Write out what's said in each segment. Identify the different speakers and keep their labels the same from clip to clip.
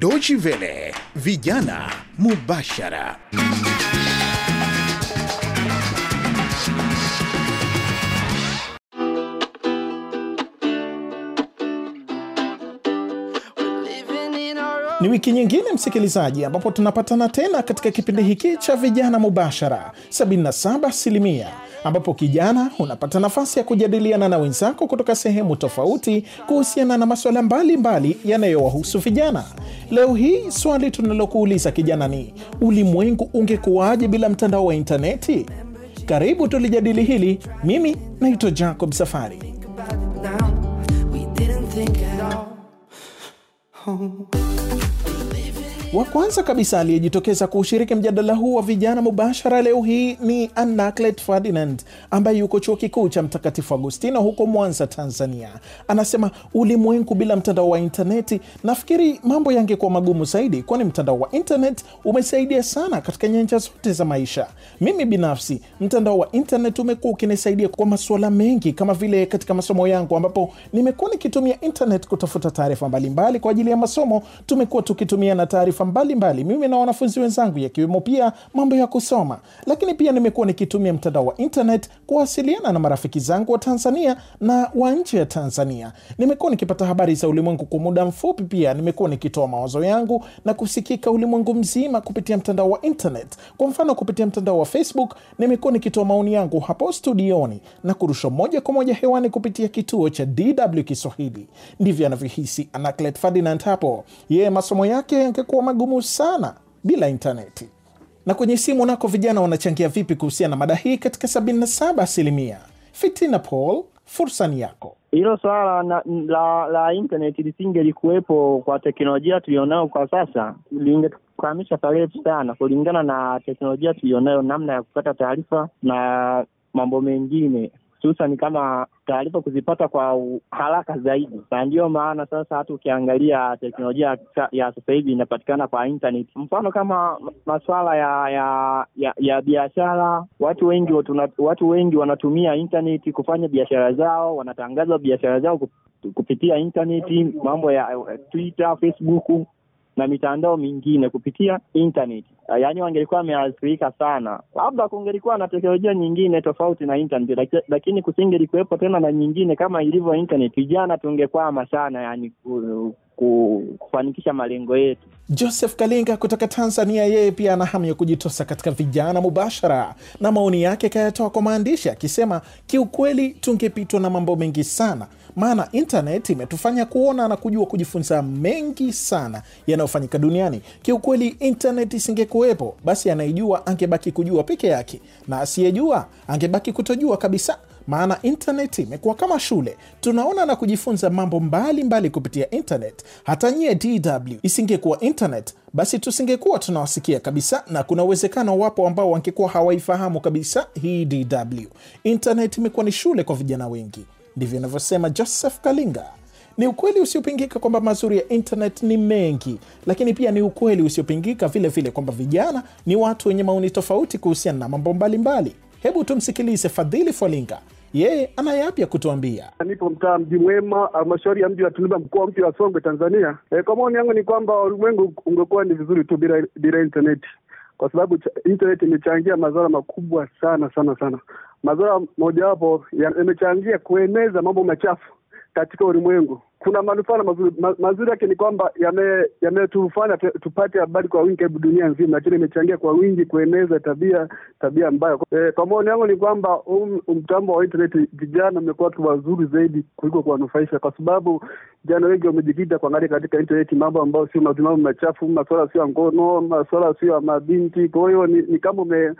Speaker 1: Deutsche Vele, vijana mubashara. Ni wiki nyingine msikilizaji, ambapo tunapatana tena katika kipindi hiki cha vijana mubashara 77 asilimia, ambapo kijana unapata nafasi ya kujadiliana na wenzako kutoka sehemu tofauti kuhusiana na masuala mbalimbali yanayowahusu vijana. Leo hii swali tunalokuuliza kijana ni ulimwengu ungekuwaje bila mtandao wa intaneti? Karibu tulijadili hili. Mimi naitwa Jacob Safari. Wa kwanza kabisa aliyejitokeza kuushiriki mjadala huu wa vijana mubashara leo hii ni Anaclet Ferdinand ambaye yuko chuo kikuu cha Mtakatifu Agustino huko Mwanza, Tanzania. Anasema ulimwengu bila mtandao wa intaneti, nafikiri mambo yangekuwa magumu zaidi, kwani mtandao wa intaneti umesaidia sana katika nyanja zote za maisha. Mimi binafsi mtandao wa intaneti umekuwa ukinisaidia kwa masuala mengi, kama vile katika masomo yangu ambapo nimekuwa nikitumia intaneti kutafuta taarifa mbalimbali kwa ajili ya masomo. Tumekuwa tukitumia na taarifa taarifa mbalimbali mimi na wanafunzi wenzangu, yakiwemo pia mambo ya kusoma, lakini pia nimekuwa nikitumia mtandao wa internet kuwasiliana na marafiki zangu wa Tanzania na wa nje ya Tanzania. Nimekuwa nikipata habari za ulimwengu kwa muda mfupi, pia nimekuwa nikitoa mawazo yangu na kusikika ulimwengu mzima kupitia mtandao wa internet. Kwa mfano, kupitia mtandao wa Facebook nimekuwa nikitoa maoni yangu hapo studioni na kurusha moja kwa moja hewani kupitia kituo cha DW Kiswahili. Ndivyo anavyohisi Anaclet Ferdinand hapo, yeye masomo yake yangekuwa magumu sana bila intaneti. Na kwenye simu nako, vijana wanachangia vipi kuhusiana na mada hii katika 77 asilimia? Fitina Paul, fursa ni yako.
Speaker 2: Hilo swala la, la, intaneti lisinge likuwepo kwa teknolojia tulionayo kwa sasa, lingetukamisha karefu sana, kulingana na teknolojia tuliyonayo namna ya kupata taarifa na mambo mengine hususani kama taarifa kuzipata kwa haraka zaidi, na ndiyo maana sasa hata ukiangalia teknolojia ya sasa hivi inapatikana kwa internet. Mfano kama masuala ya ya ya, ya biashara, watu wengi watuna, watu wengi wanatumia internet kufanya biashara zao, wanatangaza biashara zao kupitia internet, mambo ya Twitter, Facebook na mitandao mingine kupitia internet. Ah, yaani wangelikuwa wameathirika sana, labda kungelikuwa na teknolojia nyingine tofauti na internet, lakini kusingelikuwepo tena na nyingine kama ilivyo internet, vijana tungekwama sana, yani
Speaker 1: kufanikisha malengo yetu. Joseph Kalinga kutoka Tanzania, yeye pia ana hamu ya kujitosa katika vijana mubashara, na maoni yake kayatoa kwa maandishi akisema, kiukweli tungepitwa na mambo mengi sana, maana internet imetufanya kuona na kujua kujifunza mengi sana yanayofanyika duniani. Kiukweli internet isingekuwepo, basi anayejua angebaki kujua peke yake na asiyejua angebaki kutojua kabisa maana internet imekuwa kama shule, tunaona na kujifunza mambo mbalimbali mbali kupitia internet. Hata nyie DW, isingekuwa internet basi tusingekuwa tunawasikia kabisa, na kuna uwezekano wapo ambao wangekuwa hawaifahamu kabisa hii DW. Internet imekuwa ni shule kwa vijana wengi, ndivyo inavyosema Joseph Kalinga. Ni ukweli usiopingika kwamba mazuri ya internet ni mengi, lakini pia ni ukweli usiopingika vilevile kwamba vijana ni watu wenye maoni tofauti kuhusiana na mambo mbalimbali. Hebu tumsikilize Fadhili Folinga yeye ana yapya kutuambia.
Speaker 2: Nipo mtaa mji mwema, halmashauri ya mji wa Tunduma, mkoa mpya wa Songwe, Tanzania. E, kwa maoni yangu ni kwamba ulimwengu ungekuwa ni vizuri tu bila bila intaneti, kwa sababu intaneti imechangia madhara makubwa sana sana sana. Madhara mojawapo yamechangia kueneza mambo machafu katika ulimwengu kuna manufaa na mazuri. Ma, mazuri yake ni kwamba yametufanya yame tupate habari kwa wingi karibu dunia nzima, lakini imechangia kwa wingi kueneza tabia tabia mbayo e, eh, kwa maoni yangu ni kwamba um, mtambo wa internet vijana umekuwa watu wazuri zaidi kuliko kuwanufaisha, kwa sababu vijana wengi wamejikita kuangalia katika internet mambo ambayo sio mambo machafu, maswala sio ya ngono, maswala sio ya mabinti. Kwa hiyo ni, ni kama ume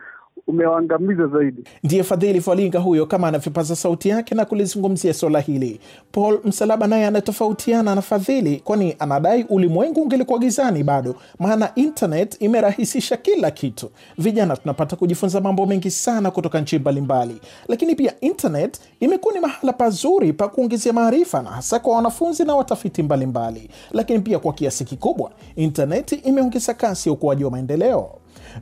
Speaker 1: umewaangamiza zaidi. Ndiye Fadhili Falinga huyo, kama anavyopaza sauti yake na kulizungumzia swala hili. Paul Msalaba naye anatofautiana na Fadhili, kwani anadai ulimwengu ungelikuwa gizani bado, maana internet imerahisisha kila kitu. Vijana tunapata kujifunza mambo mengi sana kutoka nchi mbalimbali, lakini pia internet imekuwa ni mahala pazuri pa kuongezea maarifa, na hasa kwa wanafunzi na watafiti mbalimbali mbali. Lakini pia kwa kiasi kikubwa internet imeongeza kasi ya ukuaji wa maendeleo.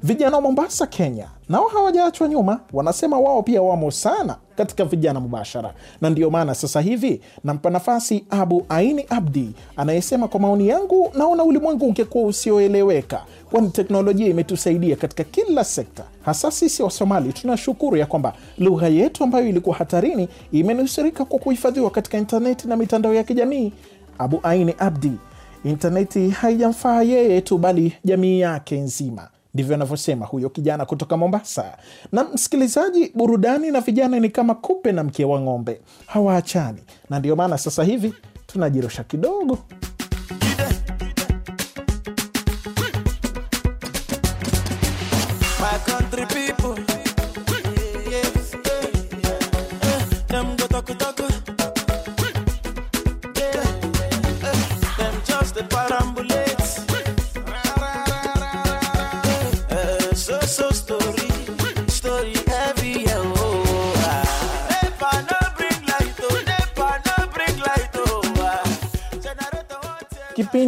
Speaker 1: Vijana wa Mombasa, Kenya nao hawajaachwa nyuma, wanasema wao pia wamo sana katika vijana mubashara, na ndiyo maana sasa hivi nampa nafasi Abu Aini Abdi anayesema, kwa maoni yangu naona ulimwengu ungekuwa usioeleweka, kwani teknolojia imetusaidia katika kila sekta. Hasa sisi wa Somali tunashukuru ya kwamba lugha yetu ambayo ilikuwa hatarini imenusurika kwa kuhifadhiwa katika intaneti na mitandao ya kijamii. Abu Aini Abdi, intaneti haijamfaa yeye tu, bali jamii yake nzima ndivyo anavyosema huyo kijana kutoka Mombasa. Na msikilizaji, burudani na vijana ni kama kupe na mkia wa ng'ombe, hawaachani, na ndio maana sasa hivi tunajirusha kidogo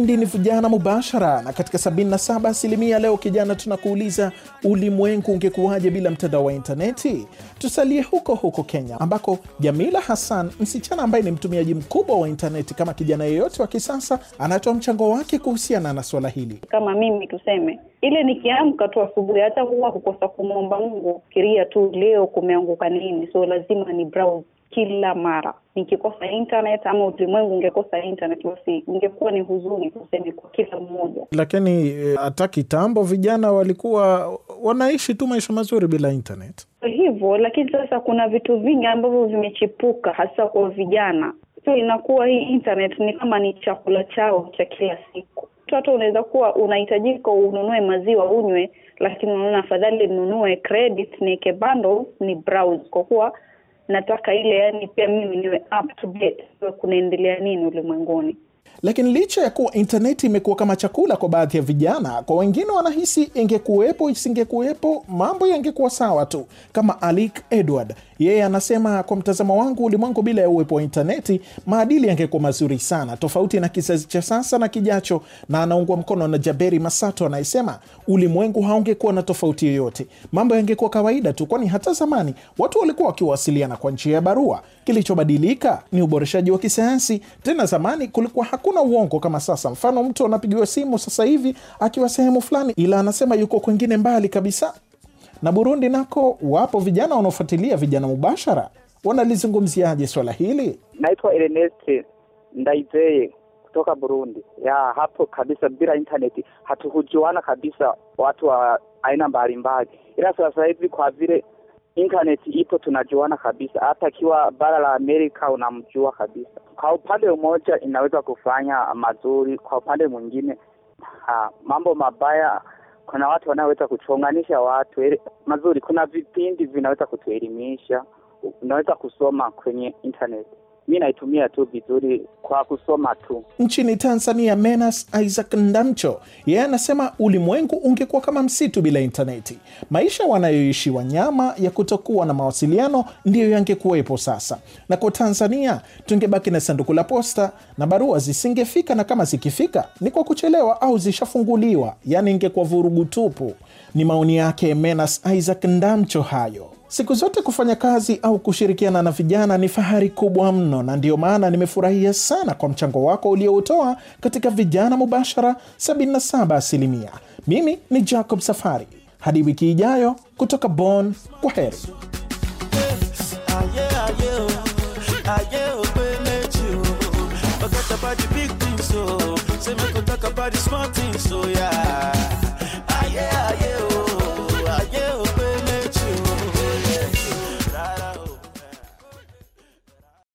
Speaker 1: kipindi ni vijana mubashara, na katika 77 asilimia leo kijana tunakuuliza ulimwengu ungekuwaje bila mtandao wa intaneti? Tusalie huko huko Kenya, ambako Jamila Hassan, msichana ambaye ni mtumiaji mkubwa wa intaneti kama kijana yeyote wa kisasa, anatoa mchango wake kuhusiana na swala hili.
Speaker 2: Kama mimi tuseme, ile nikiamka tu asubuhi, hata huwa kukosa kumwomba Mungu, fikiria tu leo kumeanguka nini, so lazima ni browse kila mara nikikosa internet ama ulimwengu ungekosa internet, basi ingekuwa ni huzuni tuseme kwa kila mmoja.
Speaker 1: Lakini eh, hata kitambo vijana walikuwa wanaishi tu maisha mazuri bila internet
Speaker 2: hivyo, lakini sasa kuna vitu vingi ambavyo vimechipuka hasa kwa vijana, so inakuwa hii internet ni kama ni chakula chao cha kila siku. Hata unaweza kuwa unahitajika ununue maziwa unywe, lakini unaona afadhali ninunue credit ni bundle ni browse, kwa kuwa nataka ile yani pia mimi niwe up to date, kunaendelea nini ulimwenguni.
Speaker 1: Lakini licha ya kuwa intaneti imekuwa kama chakula kwa baadhi ya vijana, kwa wengine wanahisi ingekuwepo isingekuwepo, mambo yangekuwa sawa tu, kama Alik Edward. Yeye anasema, kwa mtazamo wangu, ulimwengu bila ya uwepo wa intaneti, maadili yangekuwa mazuri sana, tofauti na kizazi cha sasa na kijacho, na anaungwa mkono na Jaberi Masato anayesema ulimwengu haungekuwa na tofauti yoyote, mambo yangekuwa kawaida tu, kwani hata zamani watu walikuwa wakiwasiliana kwa njia ya barua. Kilichobadilika ni uboreshaji wa kisayansi, tena zamani kulikuwa hakuna uongo kama sasa. Mfano, mtu anapigiwa simu sasa hivi akiwa sehemu fulani, ila anasema yuko kwengine mbali kabisa. Na Burundi nako wapo vijana wanaofuatilia vijana mubashara, wanalizungumziaje swala hili?
Speaker 2: Naitwa Ernest ndaizee kutoka Burundi. Ya hapo kabisa, bila intaneti hatuhujuana kabisa, watu wa aina mbalimbali, ila sasa hivi kwa vile intaneti ipo tunajuana kabisa. Hata akiwa bara la Amerika unamjua kabisa. Kwa upande mmoja inaweza kufanya mazuri, kwa upande mwingine ha, mambo mabaya. Kuna watu wanaoweza kuchonganisha watu. Mazuri, kuna vipindi vinaweza kutuelimisha, unaweza kusoma kwenye internet mi naitumia tu vizuri kwa kusoma tu.
Speaker 1: Nchini Tanzania, Menas Isaac Ndamcho yeye anasema ulimwengu ungekuwa kama msitu bila intaneti, maisha wanayoishi wanyama ya kutokuwa na mawasiliano ndiyo yangekuwepo sasa, na kwa Tanzania tungebaki na sanduku la posta na barua zisingefika, na kama zikifika ni kwa kuchelewa au zishafunguliwa, yaani ingekuwa vurugu tupu. Ni maoni yake Menas Isaac Ndamcho hayo. Siku zote kufanya kazi au kushirikiana na vijana ni fahari kubwa mno, na ndiyo maana nimefurahia sana kwa mchango wako ulioutoa katika Vijana Mubashara 77 asilimia. Mimi ni Jacob Safari, hadi wiki ijayo kutoka bon kwa heri.